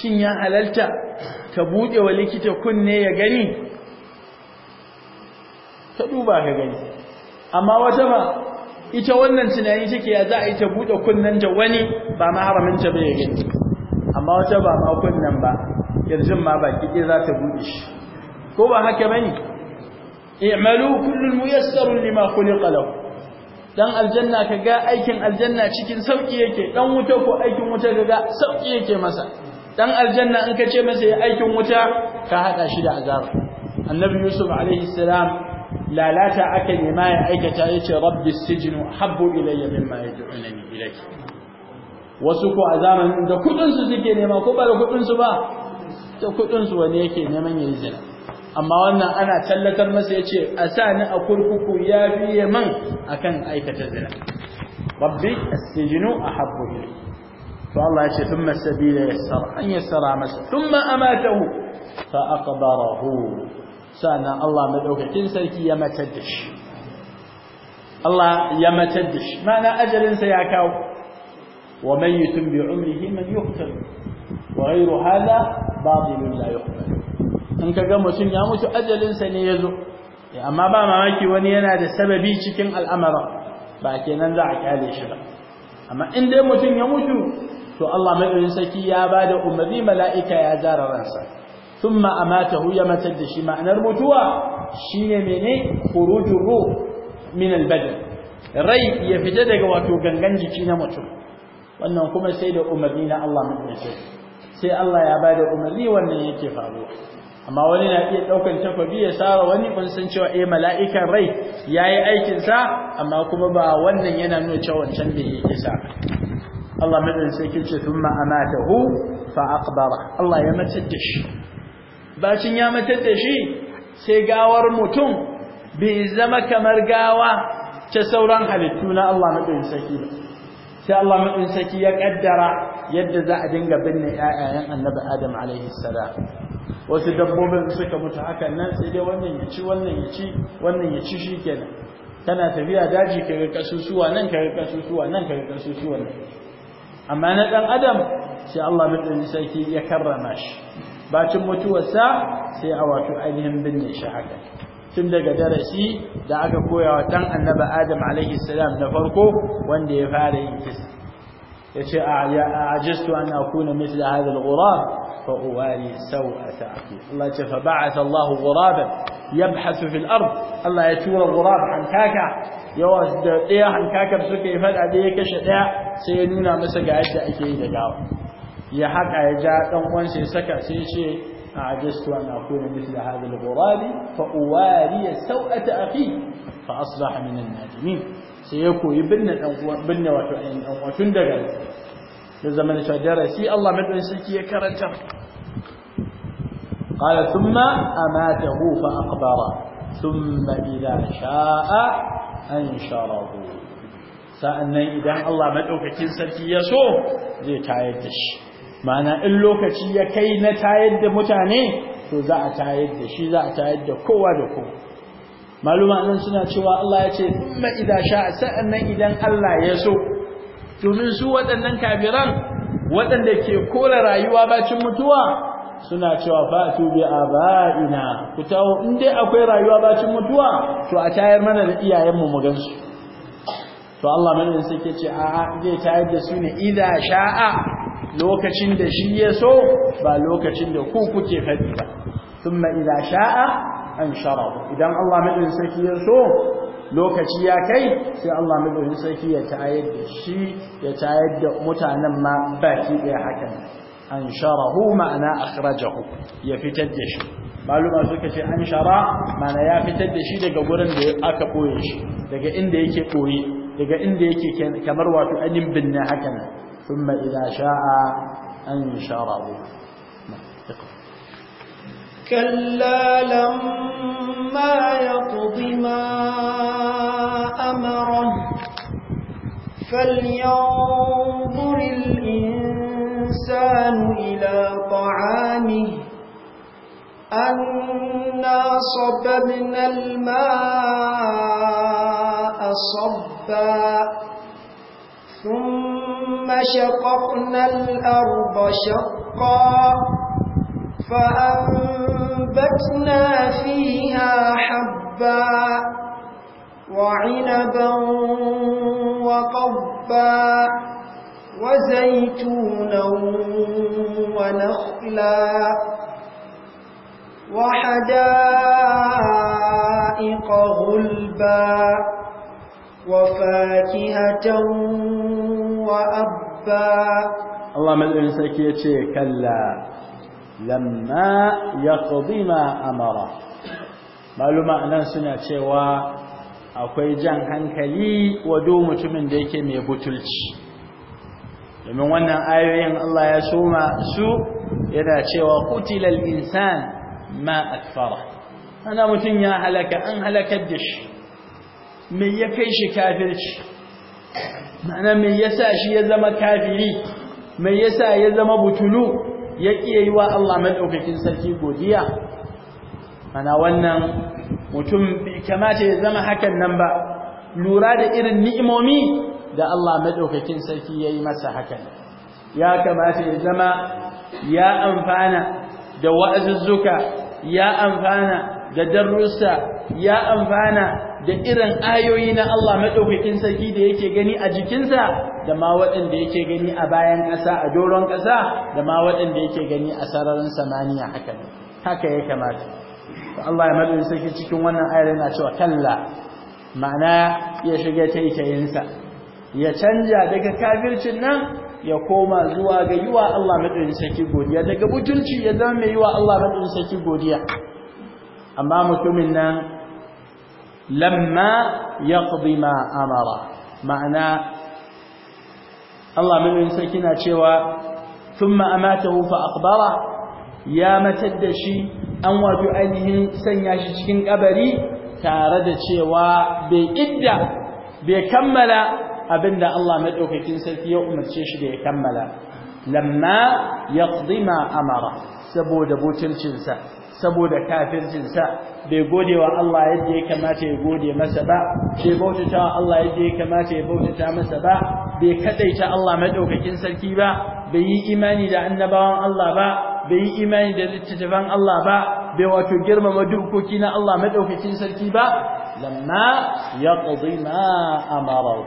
shin ya halalta ta buɗe wa likita kunne ya gani ta duba ka gani amma wata ba ita wannan tunani take ya za a yi ta buɗe kunnen da wani ba ma ta bai gani amma wata ba ma kunnen ba kirjin ma baki ɗaya za ta buɗe shi ko ba haka bane i'malu kullun muyassarun lima khuliqa lahu dan aljanna kaga aikin aljanna cikin sauki yake dan wuta ko aikin wuta kaga sauki yake masa dan aljanna in ka ce masa ya aikin wuta ka hada shi da azaba annabi yusuf alaihi salam lalata aka nema ya aikata yace rabbi sijnu habbu ilayya mimma yad'unani ilayhi wasu ko a zamanin da kudin su suke nema ko ba da kudin su ba da kudin su wani yake neman yayi zina amma wannan ana tallatar masa yace a sa ni a kurkuku ya fiye man akan aikata zina rabbi as-sijnu ahabbu ilayya to Allah yace thumma sabila yassara an yassara masa thumma amatahu fa aqbarahu sannan Allah madaukakin sarki ya matar da shi Allah ya matar da shi ma'ana ajalin sa ya kawo wa man yutum bi umrihi man yuqtal wa ghayru hada batilun la yuqbal in ga mutum ya mutu ajalin sa ne yazo amma ba mamaki wani yana da sababi cikin al'amara ba kenan za a kyale shi ba amma in dai mutum ya mutu to Allah madaukakin sarki ya bada umarni mala'ika ya zara ransa thumma amatahu ya matar da shi ma'anar mutuwa shine mene khurujur ruh min albadan rai ya fita daga wato gangan jiki na mutum wannan kuma sai da umarni na Allah mutunce sai Allah ya bada umarni wannan yake faruwa amma wani na iya daukan takobi ya sara wani kun san cewa eh mala'ikan rai yayi aikin sa amma kuma ba wannan yana nuna cewa wancan ya yi kisa Allah madan sai kice thumma amatahu fa aqbara Allah ya matsa da shi bacin ya matar da shi sai gawar mutum bai zama kamar gawa ta sauran halittu na Allah madaukakin sarki ba sai Allah madaukakin sarki ya kaddara yadda za a dinga binne ƴaƴayen Annabi Adam alaihi salam wasu dabbobin suka mutu hakan nan sai dai wannan ya ci wannan ya ci wannan ya ci shi kenan. kana tafiya daji ga kasusuwa nan ga kasusuwa nan ga kasusuwa nan amma na dan adam sai Allah madaukakin sarki ya karrama shi bacin mutuwarsa sai a wato ainihin binne shi tun daga darasi da aka koya wa dan annabi adam alaihi salam na farko wanda ya fara yin kisa yace a ya ajistu an akuna mithla hadha al-ghurab fa uwali sawa Allah ya fa ba'atha Allah ghuraban yabhasu fil ard Allah ya tura gurab an kaka yawa da daya hankakar suke fada da ya kashe daya sai ya nuna masa ga ake yi da gawa ya haka ya ja dan uwansa ya saka sai ya ce a'ajastu an akuna mithla hadha al-ghurabi fa uwari saw'at akhi fa aslaha min an-nadimin sai ya koyi binne dan uwan binne wato ayin dan uwan tun daga da zaman shajara sai Allah madan sarki ya karanta قال ثم أماته فأقبره ثم إذا شاء أنشره sa'annan idan Allah madaukakin sarki ya so zai tayar da shi ma'ana in lokaci ya kai na tayar da mutane to za a tayar da shi za a tayar da kowa da kowa maluma nan suna cewa Allah ya ce thumma idza sha'a sa'annan idan Allah ya so domin su waɗannan kafiran waɗanda ke kora rayuwa bacin mutuwa suna cewa tu bi abaina ku tawo in dai akwai rayuwa bacin mutuwa to a tayar mana da iyayen mu gansu to Allah mai sai ke ce a'a zai tayar da su ne idza sha'a lokacin da shi ya so ba lokacin da ku kuke faɗi ba thumma idza sha'a anshara idan Allah mai sai ya so lokaci ya kai sai Allah madaukakin sarki ya tayar da shi ya tayar da mutanen ma baki ɗaya hakan an hu ma'ana akhrajahu ya fitar da shi maluma suka ce an shara ma'ana ya fitar da shi daga gurin da aka koye shi daga inda yake koye daga inda yake kamar wato anin binna haka nan thumma idza sha'a ansharahu كلا لما يقض ما أمره فلينظر الإنسان إلى طعامه أنا صببنا الماء صبا ثم شققنا الأرض شقا فأنبتنا فيها حبا وعنبا وقبا وزيتونا ونخلا وحدائق غلبا وفاكهة وأبا الله ملئن سكيتي كلا لما يقضي ما أمره معلومة أنا سنة شوى akwai jan hankali wa mutumin da yake mai butulci domin wannan ayoyin Allah ya soma su yana cewa kutilal insan ma akfara ana mutum ya halaka an halakar da shi me ya kai shi kafirci ma'ana me yasa shi ya zama kafiri me yasa ya zama butulu ya yi wa Allah madaukakin sarki godiya ana wannan mutum bai kamata ya zama hakan nan ba lura da irin ni'imomi da Allah madaukakin sarki yayi masa hakan ya kamata ya zama ya amfana da wa'azuzzuka ya amfana da darussa ya amfana da irin ayoyi na Allah madaukakin sarki da yake gani a jikinsa da ma waɗanda yake gani a bayan kasa a doron ƙasa da ma waɗanda yake gani a sararin samaniya haka haka ya kamata Allah ya madaukakin sarki cikin wannan ayar yana cewa kalla ma'ana ya shiga taitayinsa ya canja daga kafircin nan ya koma zuwa ga yiwa Allah madaukakin saki godiya daga mutunci ya zama mai yiwa Allah madaukakin saki godiya amma mutumin nan lamma yaqdi ma amara ma'ana Allah madaukakin saki" na cewa thumma ma'amata fa aqbara ya matar da shi an wato ainihin sanya shi cikin ƙabari tare da cewa bai idda bai kammala Abin da Allah maɗaukakin sarki ya umarce shi da ya kammala lamma ya ma amara saboda butuncinsa saboda kafircinsa bai gode wa Allah yadda ya kamata ya gode masa ba bai bautata wa Allah yadda ya kamata ya bautata masa ba bai kadaita Allah maɗaukakin sarki ba bai yi imani da annabawan Allah ba bai yi imani da littattafan Allah ba bai wato girmama dokoki na Allah maɗaukakin sarki ba lamma yaqdi ma amara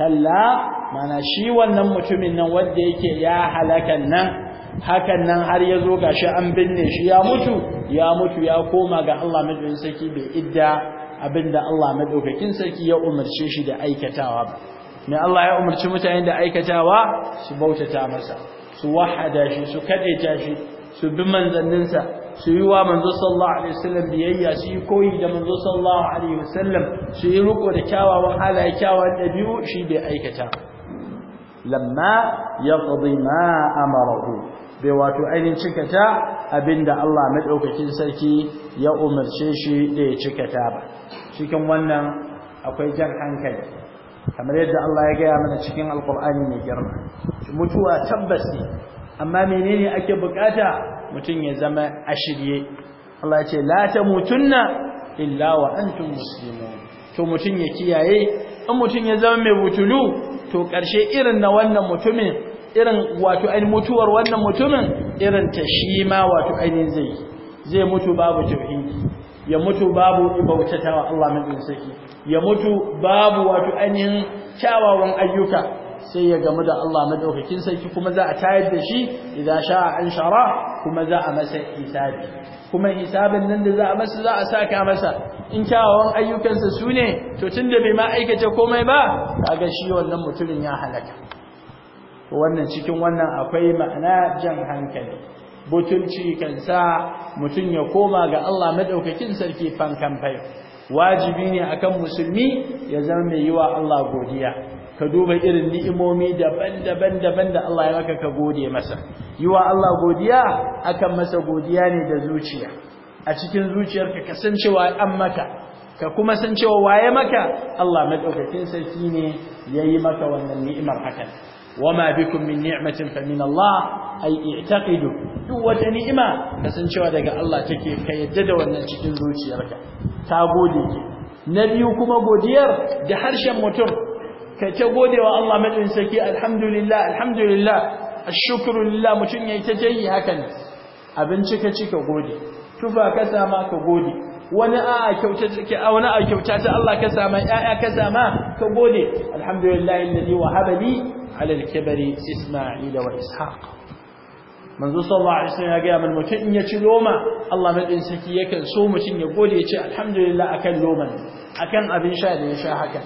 kalla mana shi wannan mutumin nan wanda yake ya halakan nan hakan nan har ya zo gashi an binne shi ya mutu ya mutu ya koma ga Allah madaukakin sarki bai idda abinda Allah madaukakin sarki ya umarce shi da aikatawa ba me Allah ya umarci mutane da aikatawa su bautata masa su wahada shi su kadaita shi su bi manzanninsa su yi wa manzo sallallahu alaihi wasallam biyayya su koyi da manzo sallallahu alaihi wasallam su yi riko da kyawawan halaye kyawawan dabi'u shi bai aikata lamma yaqdi ma amarahu bai wato ainihin cikata abinda Allah madaukakin sarki ya umarce shi da ya cikata ba cikin wannan akwai jan hankali kamar yadda Allah ya gaya mana cikin alqur'ani mai girma mutuwa tabbas tabbasi amma menene ake bukata mutum ya zama a shirye Allah ce la ta mutunna illa wa antum muslimun to mutum ya kiyaye in mutum ya zama mai butulu to karshe irin na wannan mutumin irin wato ai mutuwar wannan mutumin irin ta shi ma wato ainihin zai zai mutu babu tauhidi ya mutu babu wa Allah mai tsaki ya mutu babu wato ainihin kyawawan ayyuka sai ya gamu da Allah madaukakin sarki kuma za a tayar da shi idan sha'a an shara kuma za a masa hisabi kuma hisabin nan da za a masa za a saka masa in kyawawan ayyukansa su ne to tunda bai ma'aikata komai ba kaga shi wannan mutumin ya halaka to wannan cikin wannan akwai ma'ana jan hankali butulci kan sa mutum ya koma ga Allah madaukakin sarki fankan fayo wajibi ne akan musulmi ya zama mai yiwa Allah godiya ka duba irin ni'imomi daban-daban daban da Allah ya maka ka gode masa yiwa Allah godiya akan masa godiya ne da zuciya a cikin zuciyarka ka san cewa an maka ka kuma san cewa waye maka Allah madaukakin sarki ne yayi maka wannan ni'imar hakan wama bikum min ni'matin fa min Allah ay i'taqidu duk wata ni'ima kasancewa daga Allah take ka yadda da wannan cikin zuciyarka ta gode ke na biyu kuma godiyar da harshen mutum kai ta godewa Allah madin saki alhamdulillah alhamdulillah ashkuru lillah mutun yayi ta jayi hakan abinci ka ci ka gode tufa ka sama ka gode wani a kyauta take a wani a kyauta ta Allah ka sama yaya ka sama ka gode alhamdulillah alladhi wahaba li ala al-kibri isma'il wa ishaq manzo sallallahu alaihi wasallam ya ga mun mutum in ya ci loma Allah madin saki yakan so mutum ya gode ya ce alhamdulillah akan loman akan abin sha da ya sha haka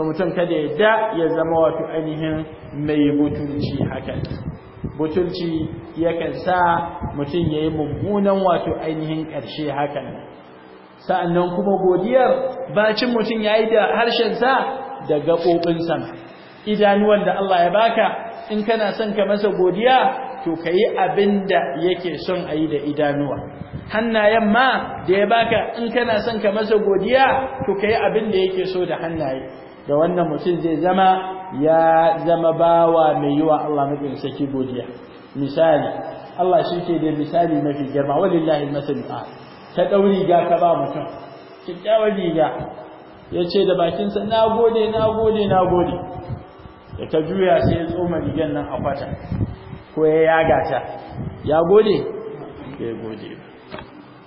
to mutum kada ya da ya zama wato ainihin mai butulci haka butulci yakan sa mutum ya yi mummunan wato ainihin ƙarshe hakan sa'annan kuma godiyar bacin mutum ya yi da sa da gaɓoɓin sama. idanuwan da Allah ya baka in kana son ka masa godiya to ka yi abin da yake son a yi da idanuwa hannayen ma da ya baka in kana son ka masa godiya to ka yi abin da yake so da hannaye da wannan mutum zai zama ya zama bawa mai yiwa Allah maɗin saki godiya misali Allah shi ke da misali mafi girma walillahi masalu a ta ɗauri ga ka ba mutum kyakkyawar riga ya ce da bakinsa na gode na gode na gode da ta juya sai ya tsoma rigar nan a kwata ko ya yaga ta ya gode ya gode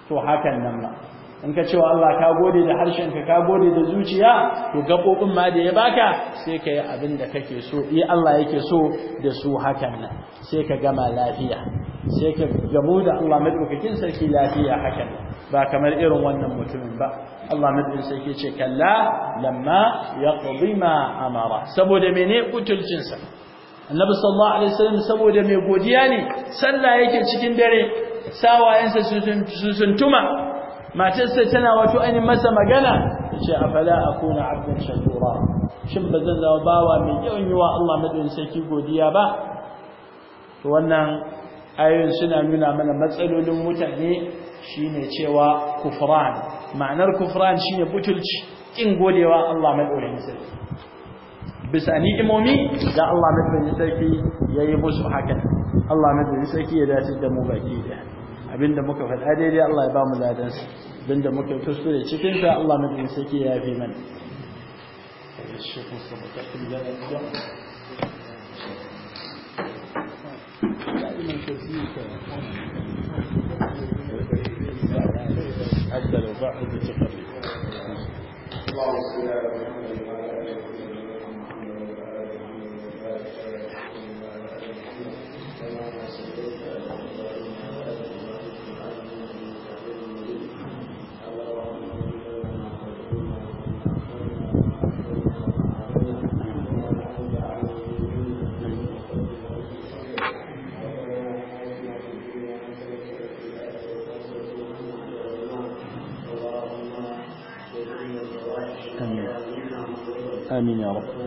to hakan nan ma in ka cewa Allah ka gode da harshenka ka gode da zuciya to gabobin ma da ya baka sai ka yi abin da kake so yi eh, Allah yake so da su hakan nan sai ka gama lafiya sai ka gamu da Allah madaukakin sarki lafiya hakan ba kamar irin wannan mutumin ba Allah madaukakin sarki ce kalla lamma yaqdi ma amara saboda mene kutulcin sa Annabi sallallahu alaihi wasallam saboda mai godiya ne sallah yake cikin dare sawayensa su sun tuma matarsa tana wato an masa magana yace afala akuna abdan shakura shin bazan zama bawa mai yawan yiwa Allah madin sarki godiya ba to wannan ayoyin suna nuna mana matsalolin mutane shine cewa kufran ma'anar kufran shine butulci kin godewa Allah madin sarki. bisa imomi da Allah madin saki yayi musu hakan Allah madin sarki ya dace da mu baki da abinda muka faɗa daidai Allah ya ba mu ladan su abinda muka kuskure cikin ta Allah mu madin sake ya fi mana حتى لو بعد آمين يا رب